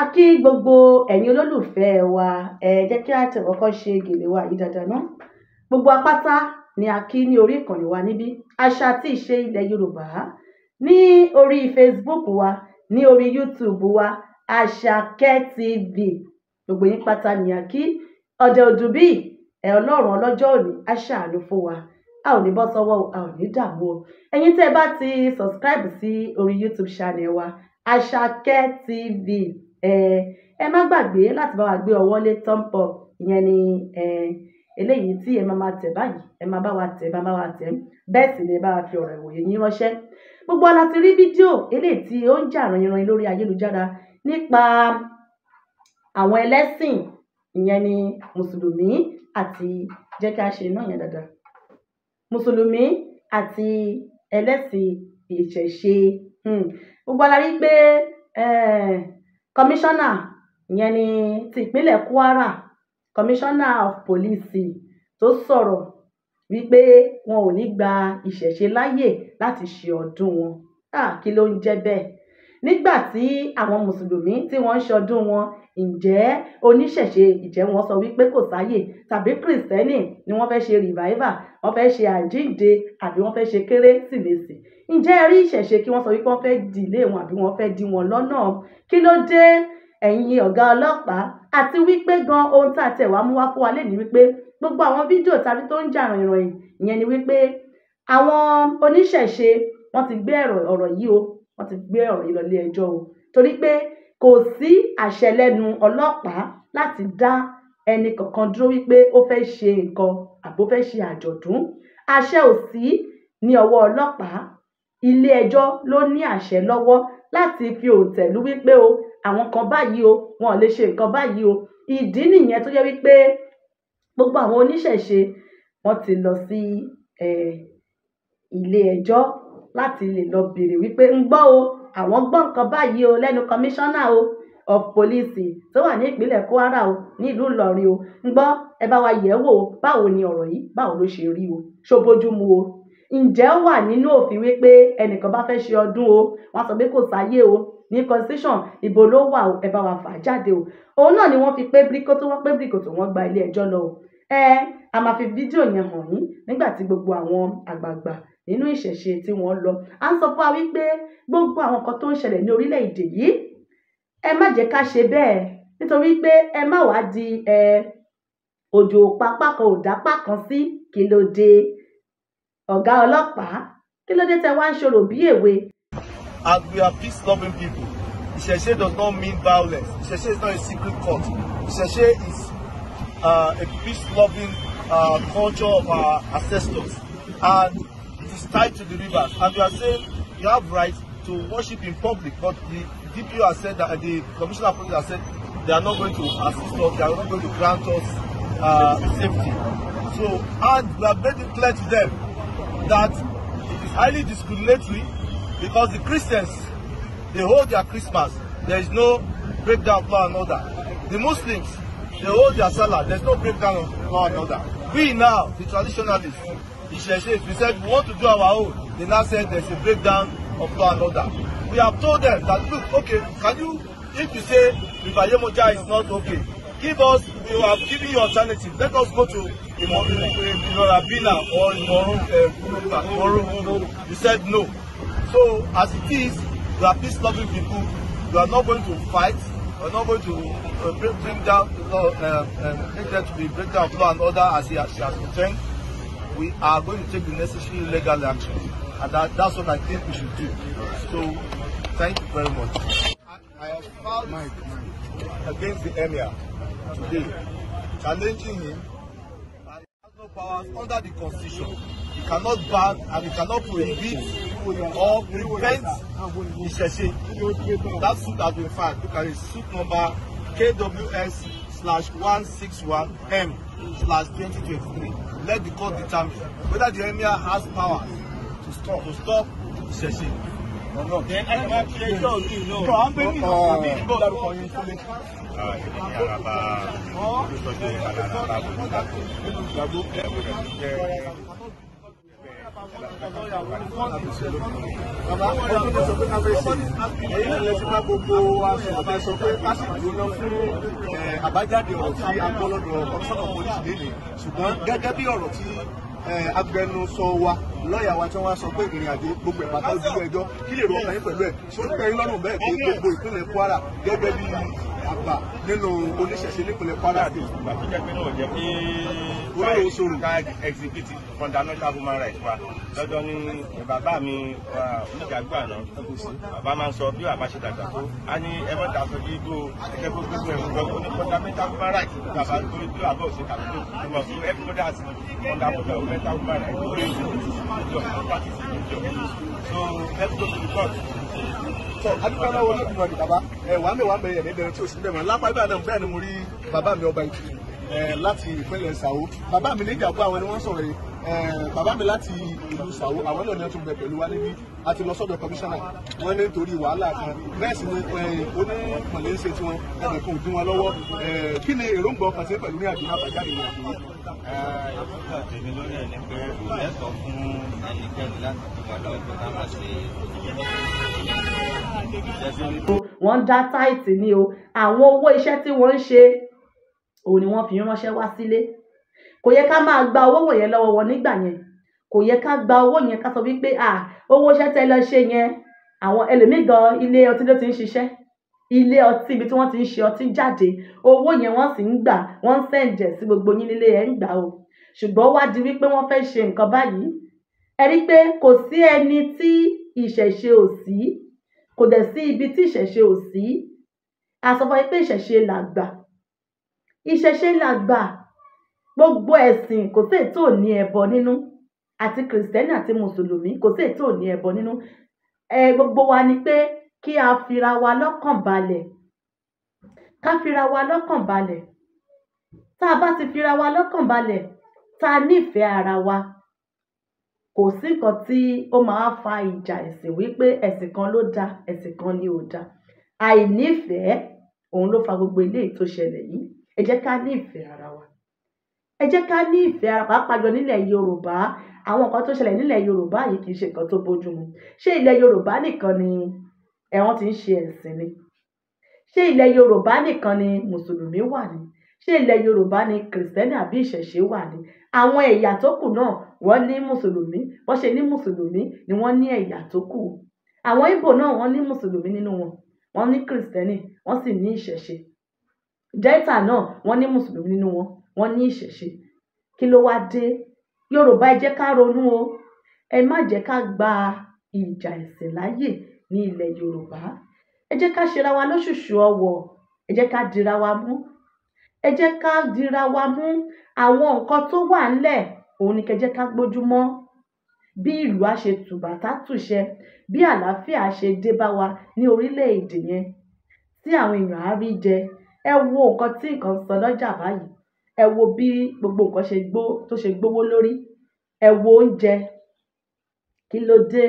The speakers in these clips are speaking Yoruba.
a kí gbogbo ẹ̀yin olólùfẹ́ wa ẹ jẹ́ kí a tẹ̀ kọ́kọ́ ṣe gèlè wa yìí dandan ná gbogbo apáta ni a kí ní orí ìkànnì wa níbí àṣà àti ìṣe ilẹ̀ yorùbá ní orí facebook wa ní orí youtube wa àṣàkẹ́ tv gbogbo yín pátá ni a kí ọ̀dẹ̀ òdù bíi ẹ̀ ọlọ́run ọlọ́jọ́ òní aṣàánú fún wa a ò ní bọ́ sọ́wọ́ a ò ní dààmú o ẹ̀yin tẹ́ ẹ bá ti subscribe sí orí youtube channel wa àṣàkẹ́ tv ẹ má gbàgbé láti bá wa gbé ọwọ́ lé thumb up ìyẹn ni eléyìí tí ẹ máa máa tẹ̀ báyìí ẹ máa bá wa tẹ̀ ẹ máa bá wa tẹ̀ bẹ́ẹ̀ sì ni ẹ bá wa fi ọ̀rọ̀ ìwòye yín ránṣẹ́ gbogbo wa la ti rí fídíò eléyìí tí ó ń jà ranyinranyin lórí ayélujára nípa àwọn ẹlẹ́sìn ìyẹn ni mùsùlùmí àti jẹ́ kí a ṣe náà yẹn dáadáa mùsùlùmí àti ẹlẹ́sìn ìṣẹ̀ṣe hmm. gbogbo wa rí pé kọmíṣánná ìyẹn ní ti ìpínlẹ̀ kwara kọmíṣánná of police tó sọ̀rọ̀ wípé wọn ò ní gba ìṣẹ̀ṣe láàyè láti ṣe ọdún wọn kí ló ń jẹ́ bẹ́ẹ̀ nígbà tí àwọn mùsùlùmí tí wọ́n ń ṣọdún wọn ǹjẹ́ oníṣẹ̀ṣe ìjẹ́ wọn sọ wípé kò sáyè tàbí kìrìsìtẹ́nì ni wọ́n fẹ́ ṣe revival wọ́n fẹ́ ṣe àjíǹde àbí wọ́n fẹ́ ṣe kérésìmesì ǹjẹ́ ẹ rí ìṣẹ̀ṣe kí wọ́n sọ wípé wọ́n fẹ́ dìlé wọn àbí wọ́n fẹ́ dí wọn lọ́nà kí ló dé ẹ̀yin ọ̀gá ọlọ́pàá àti wípé gan ohun tá a tẹ̀ wá mú wá fún wa lé ní wípé gbogbo àwọn fídíò tàbí tó ń jà rìnrìn ìyẹn ni wípé àwọn oníṣẹ̀ṣe wọ́n ti gbé ọ̀rọ̀ yìí o wọ́n ti gbé ọ̀rọ̀ yìí lọ ilé ẹjọ́ o torí pé kò sí àṣẹ lẹ́nu ọlọ́pàá láti dá ẹni kankan dúró wípé ó fẹ́ ṣe nǹkan àbó fẹ́ ṣe àjọ̀dún àṣẹ ò sí ní ọwọ́ ọlọ́pàá ilé ẹjọ́ ló ní àṣẹ lọ́wọ́ láti fi òǹtẹ̀lú wípé o àwọn kan báyìí o wọn ò lè ṣe nǹkan báyìí o ìdí nìyẹn tó yẹ wípé gbogbo àwọn oníṣẹ̀ṣe wọ́n ti lọ sí ilé ẹjọ́ láti lè lọ bèrè wípé ń gbọ́ o àwọn gbọ́ nǹkan báyìí o lẹ́nu kọmíṣánná o of police tó wà ní ìpínlẹ̀ Kwara o ní ìlú Ìlọrin o ń gbọ́ ẹ bá wa yẹ̀ wò ó báwo ni ọ̀rọ̀ yìí báwo ló ṣe rí o ṣó bójú mu o ǹjẹ́ ó wà nínú òfin wípé ẹnìkan bá fẹ́ ṣe ọdún o wọ́n sọ pé kò sáyé o ní constitution ìbò ló wà o ẹ bá wa fà á jáde o òun náà ni wọ́n fi pé bíríkó tó wọ́n pé bíríkó tó wọ́n gba ilé ẹjọ́ lọ o ẹ a máa fi fídíò yẹn hàn yín nígbà tí gbogbo àwọn àgbààgbà nínú ìṣẹ̀ṣe tí wọ́n lọ. A ń sọ fún wa wípé gbogbo àwọn nǹkan tó ń ṣẹlẹ̀ ní orílẹ̀-èdè yìí, ẹ má jẹ́ ká ṣe bẹ́ẹ̀ nítorí pé ẹ má wá di ẹ òjò pápá kan ò dá sí kí ló dé ọ̀gá ọlọ́pàá kí ló dé tẹ wá ń ṣòro bí èwe. As we are peace-loving people, ìṣẹ̀ṣe does not mean violence. ìṣẹ̀ṣe is not a secret cult. ìṣẹ̀ṣe is uh, a peace-loving uh, culture of our ancestors. And tied to the rivers and you are saying you have right to worship in public but the DPO has said that the commissioner of police has said they are not going to assist us they are not going to grant us uh, safety so and we have made it clear to them that it is highly discriminatory because the Christians they hold their Christmas there is no breakdown of law and order the Muslims they hold their Salah there is no breakdown of law and order we now the traditionalists Isheshe, we said we want to do our own. They now said there's a breakdown of law and order. We have told them that, look, okay, can you, if you say Rivayemoja is not okay, give us, we have given you alternative. Let us go to Imorabina or Imoru. Uh, you said no. So, as it is, we are peace-loving people. We are not going to fight. We are not going to uh, bring, down the law, uh, uh, make there to be breakdown of law and order as he has, she has returned we are going to take the necessary legal action. And that, that's what I think we should do. So, thank you very much. I, I have filed Mike, Mike. against the Emir today, challenging him. He has no powers under the Constitution. He cannot ban and he cannot prohibit or prevent Isheshe. Ah, that suit has been filed. Look at it, suit number KWS slash 161M slash 2023. Let the court determine whether the emir has powers to stop, to stop Ìṣẹ̀ṣe. Then ẹ máa fi ẹjọ́ mi náà. Kọ̀ á ń bẹ mí bàbá ọdún tó sọ pé ká fẹ́ ṣe èyí náà lẹ́sìn bá gbogbo àṣà sọ pé pásítì gbóná fún àbájáde ọ̀rọ̀ tí a gbọ́ lọ́dọ̀ ọ̀sọ́nà pọ́lísì lélẹ̀ ṣùgbọ́n gẹ́gẹ́ bí ọ̀rọ̀ tí agbẹnusọ wa lọ́ọ̀yà wa tí wọ́n sọ pé ìrìn àjò gbogbo ìpàtà ojú ẹjọ́ kí lè rọ ọkàn yín pẹ̀lú ẹ̀ ṣó ń pẹ́ yín lọ́rùn bẹ́ẹ̀ pé gbogbo ìpínlẹ̀ Kwara gẹ́gẹ́ bí àgbà nínú oníṣẹ̀ṣe nípínlẹ̀ Kwara state. ìgbà tó jẹ́ pé náà jẹ́ pé olóòwò sọ̀rọ̀ ká exhibit fundamental human rights wa lọ́jọ́ ní bàbá mi oníjàgbọ́ àná bàbá máa ń sọ bí bàbá ṣe dàgbà tó a ní ẹgbẹ́ ta sọ bí igbó ẹgbẹ́ gbogbo ẹ̀ lọ́wọ́ ní fundamental human rights bàbá tó ń tó àbọ̀ ṣe kàlẹ́ tó mọ̀ fún everybody as fundamental human sọ adúgbò náà wọlé ìdúró ni bàbá ẹ wàá mẹ́wàá mẹ́rin ẹ̀mí bẹ̀rẹ̀ tí o sì ń bẹ̀rẹ̀ lápá ibà náà bẹ́ẹ̀ ni mo rí bàbá mi ọba ìtìrì láti ìpínlẹ̀ sàwó bàbá mi nígbà gbọ́ àwọn ẹni wọ́n sọ̀rọ̀ yìí Eh, bàbá mi láti ìlú sàwó àwọn náà ní ọtún bẹ pẹ̀lú wa níbí a ti lọ sọ́dọ̀ kọmíṣánná wọn ní nítorí wàhálà kan bẹ́ẹ̀ sì ni eh, onímọ̀lẹ́ ń ṣe tiwọn ẹnì kan ò dín wọn lọ́wọ́ eh, kí ni èròǹgbà ọkàn sí pẹ̀lú ní àdúrà àbájáde ní àdúrà. tèmi lórí ẹni pé kò fún ẹnikẹ́ni láti fi wà láwùjọ ká má ṣe wọ́n dá táìtì ni o àwọn owó iṣẹ́ tí wọ́n ń ṣe òun ni wọ́n fi ránṣẹ́ wá sílé kò yẹ ká máa gba owó wọ̀nyẹn lọ́wọ́ wọn nígbà yẹn kò yẹ ká gba owó yẹn ká sọ wípé à owó iṣẹ́ tẹ́ lọ ṣe yẹn àwọn ẹlòmíì gan ilé ọtí ló ti ń ṣiṣẹ́ ilé ọtí ibi tí wọ́n ti ń ṣe ọtí jáde owó yẹn wọ́n sì ń gbà wọ́n ń sẹ̀ǹjẹ̀ sí gbogbo yín nílé ẹ̀ ń gbà o ṣùgbọ́n wá di wípé wọ́n fẹ́ ṣe nǹkan báyìí ẹ rí pé kò sí ẹni tí ìṣẹ̀ṣe ò sí kò dẹ̀ sí ibi tí ìṣẹ̀ṣe ò sí àsọfọ́ yìí pé ìṣẹ̀ṣe làgbà ìṣẹ̀ṣe làgbà gbogbo ẹ̀sìn kò sí ètò ní ẹbọ nínú àti kìrìsìtẹ́nì àti mùsùlùmí kò sí ètò ní ẹbọ nínú ẹ gbogbo wa ni pé kí a fira wa lọ́kàn balẹ̀ ká fira wa lọ́kàn balẹ̀ tá a bá ti fira wa lọ́kàn balẹ̀ tá a nífẹ̀ẹ́ ara wa kò sí nǹkan tí ó máa fa ìjà ẹ̀sìn wípé ẹ̀sìn kan ló da ẹ̀sìn kan ni ò da àìnífẹ̀ẹ́ òun ló fa gbogbo eléyìí tó ṣẹlẹ̀ yìí ẹ jẹ́ ká nífẹ̀ẹ́ ara wa ẹ jẹ́ ká ní ìfẹ́ ara pàápàá jọ nílẹ̀ yorùbá àwọn nǹkan tó ṣẹlẹ̀ nílẹ̀ yorùbá yìí kì í ṣe nǹkan tó bójúmu ṣé ilẹ̀ yorùbá nìkan ni ẹ̀wọ̀n ti ń ṣe ẹ̀sìn ni ṣé ilẹ̀ yorùbá nìkan ni mùsùlùmí wà ní ṣé ilẹ̀ yorùbá ni kìrìsìtẹ́nì àbí ìṣẹ̀ṣe wà ní àwọn ẹ̀yà tó kù náà wọ́n ní mùsùlùmí wọ́n ṣe ní mùsùlùmí ni wọ́n ní ẹ̀yà tó kù àwọn ìbò náà wọ́n ní mùsùlùmí nínú wọn wọ́n ní kìrìsìtẹ́nì wọ́n sì ní ìṣẹ̀ṣe delta náà wọ́n ní mùsùlùmí nínú wọn wọ́n ní ìṣẹ̀ṣe kí ló wá dé yorùbá ẹ jẹ́ ká ronú o ẹ má jẹ́ ká gba ìjà ẹ̀sìn láàyè ní ilẹ̀ yorùbá ẹ jẹ́ ká ṣera wa lóṣùṣù ọwọ̀ ẹ jẹ́ ká dira wa mú ẹ jẹ́ ká dira wa mú àwọn nǹkan tó wà ńlẹ̀ òun ni kẹjẹ́ ká gbójúmọ́ bí ìlú a ṣe tùbàtà tùṣẹ bí àlàáfíà ṣe dé bá wa ní orílẹ̀-èdè yẹn tí àwọn èèyàn á rí jẹ ẹ wo nǹkan tí nǹkan sọ lọ́jà báyìí ẹ wo bí gbogbo nǹkan ṣe gbó tó ṣe gbówó lórí ẹ wo oúnjẹ kí ló dé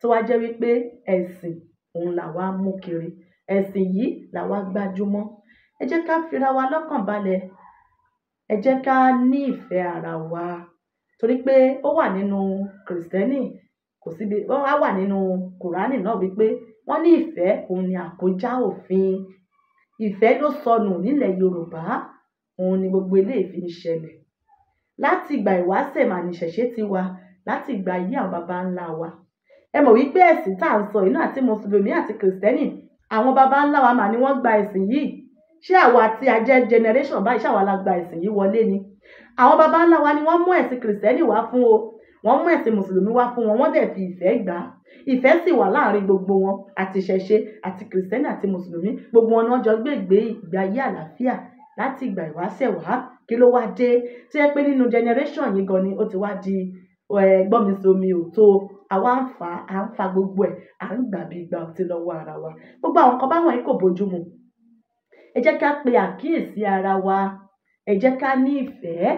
tó wá jẹ́ wípé ẹ̀sìn òun làwa mú kiri ẹ̀sìn yìí làwa gbájúmọ́ ẹ jẹ́ ká fira wa lọ́kàn balẹ̀ ẹ jẹ́ ká ní ìfẹ́ ara wa torí pé ó wà nínú kìrìsìtẹ́nì kò síbi ó wà nínú kùránì náà wípé wọ́n ní ìfẹ́ òun ni àkójá òfin ìfẹ́ ló sọnù nílẹ̀ Yorùbá òun ni gbogbo eléyìí fi ń ṣẹlẹ̀ láti ìgbà ìwáṣẹ̀ mà ní ṣẹ̀ṣẹ̀ ti wà láti ìgbà yí àwọn baba ńlá wa ẹ mọ̀ wípé ẹ̀sìn tá à ń sọ yìí náà àti mùsùlùmí àti kìrìsìtẹ́nì àwọn baba ńlá wa mà ni wọ́n gba ẹ̀sìn yìí ṣé àwa àti ajẹ́ generation báyìí ṣáwa la gba ẹ̀sìn yìí wọlé ni àwọn baba ńlá wa ni wọ́n mú ẹ̀sìn kìrìsìtẹ́nì wá fún o wọ́n mú ẹ̀sìn mùsùlùmí wá fún wọn wọ́n dẹ̀ fi ìfẹ́ gbà á ìfẹ́ sì wà láàrin gbogbo wọn àti ṣẹ̀ṣe àti kìrìsìtẹ́nì àti mùsùlùmí gbogbo wọn ni wọ́n jọ gbé ìgbé ìgbé ayé àlàáfíà láti ìgbà ìwáṣẹ̀ wá kí ló wá dé tó jẹ́ pé nínú generation yìí gan ni ó ti wá di gbọ́n mi somi ò tó àwa ń fà á ń fa gbogbo ẹ̀ à ń gbà bí ìgbà ọtí lọ́wọ́ ara wa gbogbo àwọn kan báwọn yìí kò bójú mu ẹ jẹ́ ká pe àkíyèsí ara wa ẹ jẹ́ ká ní ìfẹ́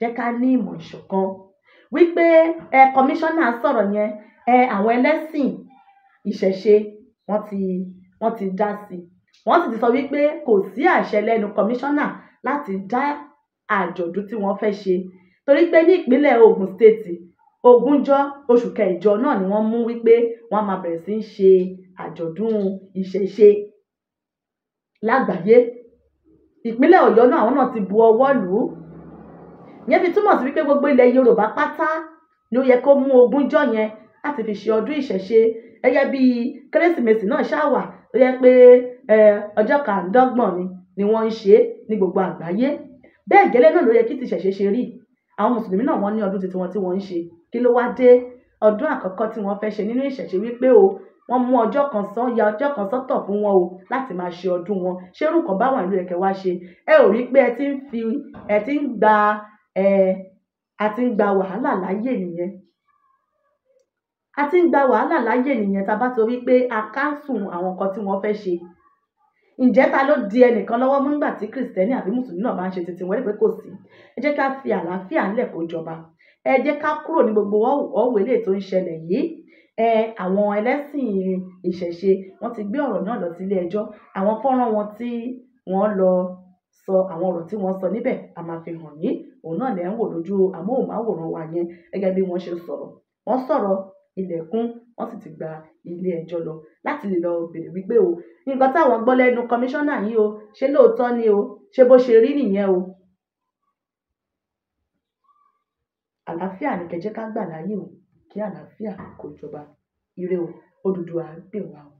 jẹ́ ká ní ìmọ̀ ìṣọ̀kan wípé ẹ kọmíṣánná sọ̀rọ̀ yẹn ẹ àwọn ẹlẹ́sìn ìṣẹ̀ṣe wọ́n ti wọ́n ti dá sí i wọ́n sì ti sọ wípé kò sí àṣẹ lẹ́nu kọmíṣánná láti dá àjọ̀dún tí wọ́n fẹ́ ṣe torí pé ní ìpínlẹ̀ Ògùn stéètì ogúnjọ́ oṣù kẹjọ náà ni wọ́n mú wípé wọ́n máa bẹ̀rẹ̀ sí í ṣe àjọ̀dún ìṣẹ̀ṣe lágbàáyé ìpínlẹ̀ Ọ̀yọ́ náà àwọn náà ti bu ọwọ́ lù ú ìyẹn fi túmọ̀ sí wípé gbogbo ilẹ̀ Yorùbá pátá ni ó yẹ kó mú ogúnjọ́ yẹn láti fi ṣe ọdún ìṣẹ̀ṣe gẹ́gẹ́ bí kérésìmesì náà ṣáà wà ó yẹ pé ọjọ́ kàndọ́gbọ̀n ni ni wọ́n ń ṣe é ní gbogbo àgbáyé bẹ́ẹ̀ gẹ́lẹ́ náà ló yẹ kí ti ṣẹ̀ṣẹ̀ ṣe rí àwọn mùsùlùmí náà wọ́n ní ọdún tuntun wọn tí wọ́n ń ṣe kí ló wá dé ọdún àkọ́kọ́ tí wọ́n fẹ́ ṣe nínú ìṣẹ̀ṣe wípé o wọ́n mú ọjọ́ kan sán ya ọjọ́ kan sọ́tọ̀ fún wọn o láti máa ṣe ọdún wọn ṣé irú kan báwọn ìlú ẹ̀kẹ́ wá ṣe ẹ ò rí pé ẹ ti ń fi ẹ ti ń gba ẹ a ti ń gba wàhálà láyé nìyẹn a ti ń gba wàhálà láyé nìyẹn tá a bá sọ wípé a káńsù àwọn nǹkan tí wọ́n fẹ́ ṣe ǹjẹ́ ta ló di ẹnìkan lọ́wọ́ mú nígbà tí kìrìsìtẹ́nì àbí mùsùlùmí náà bá ń ṣe titi wọ́n pé kò sí ẹ jẹ́ ká fi àlàáfíà ńlẹ̀ kó jọba ẹ jẹ́ ká kúrò ní gbogbo ọ̀wọ̀ eléyìí tó ń ṣẹlẹ̀ yìí ẹ àwọn ẹlẹ́sìn ìṣẹ̀ṣe wọ́n ti gbé ọ̀rọ̀ náà lọ sí ilé ẹjọ́ àwọn fọ́nrán wọn tí wọ́n lọ sọ àwọn ọ̀rọ̀ tí wọ́n sọ níbẹ̀ a máa fi hàn yín òun náà lẹ́ ń wò lójú amóhùnmáwòrán wa yẹn gẹ́gẹ́ bí wọ́n ṣe sọ̀rọ̀ wọ́n sọ̀rọ̀ ilẹ̀ kún wọ́n sì ti gba ilé ẹjọ́ lọ láti lè lọ bèrè wípé o nǹkan táwọn gbọ́ lẹ́nu kọmíṣánná yìí o ṣé lóòótọ́ ni o ṣé bó ṣe rí nìyẹn o. àlàáfíà ni kẹjẹ ká gbà láyé o kí àlàáfíà kó jọba ire o Odùduwà ń pè wá o.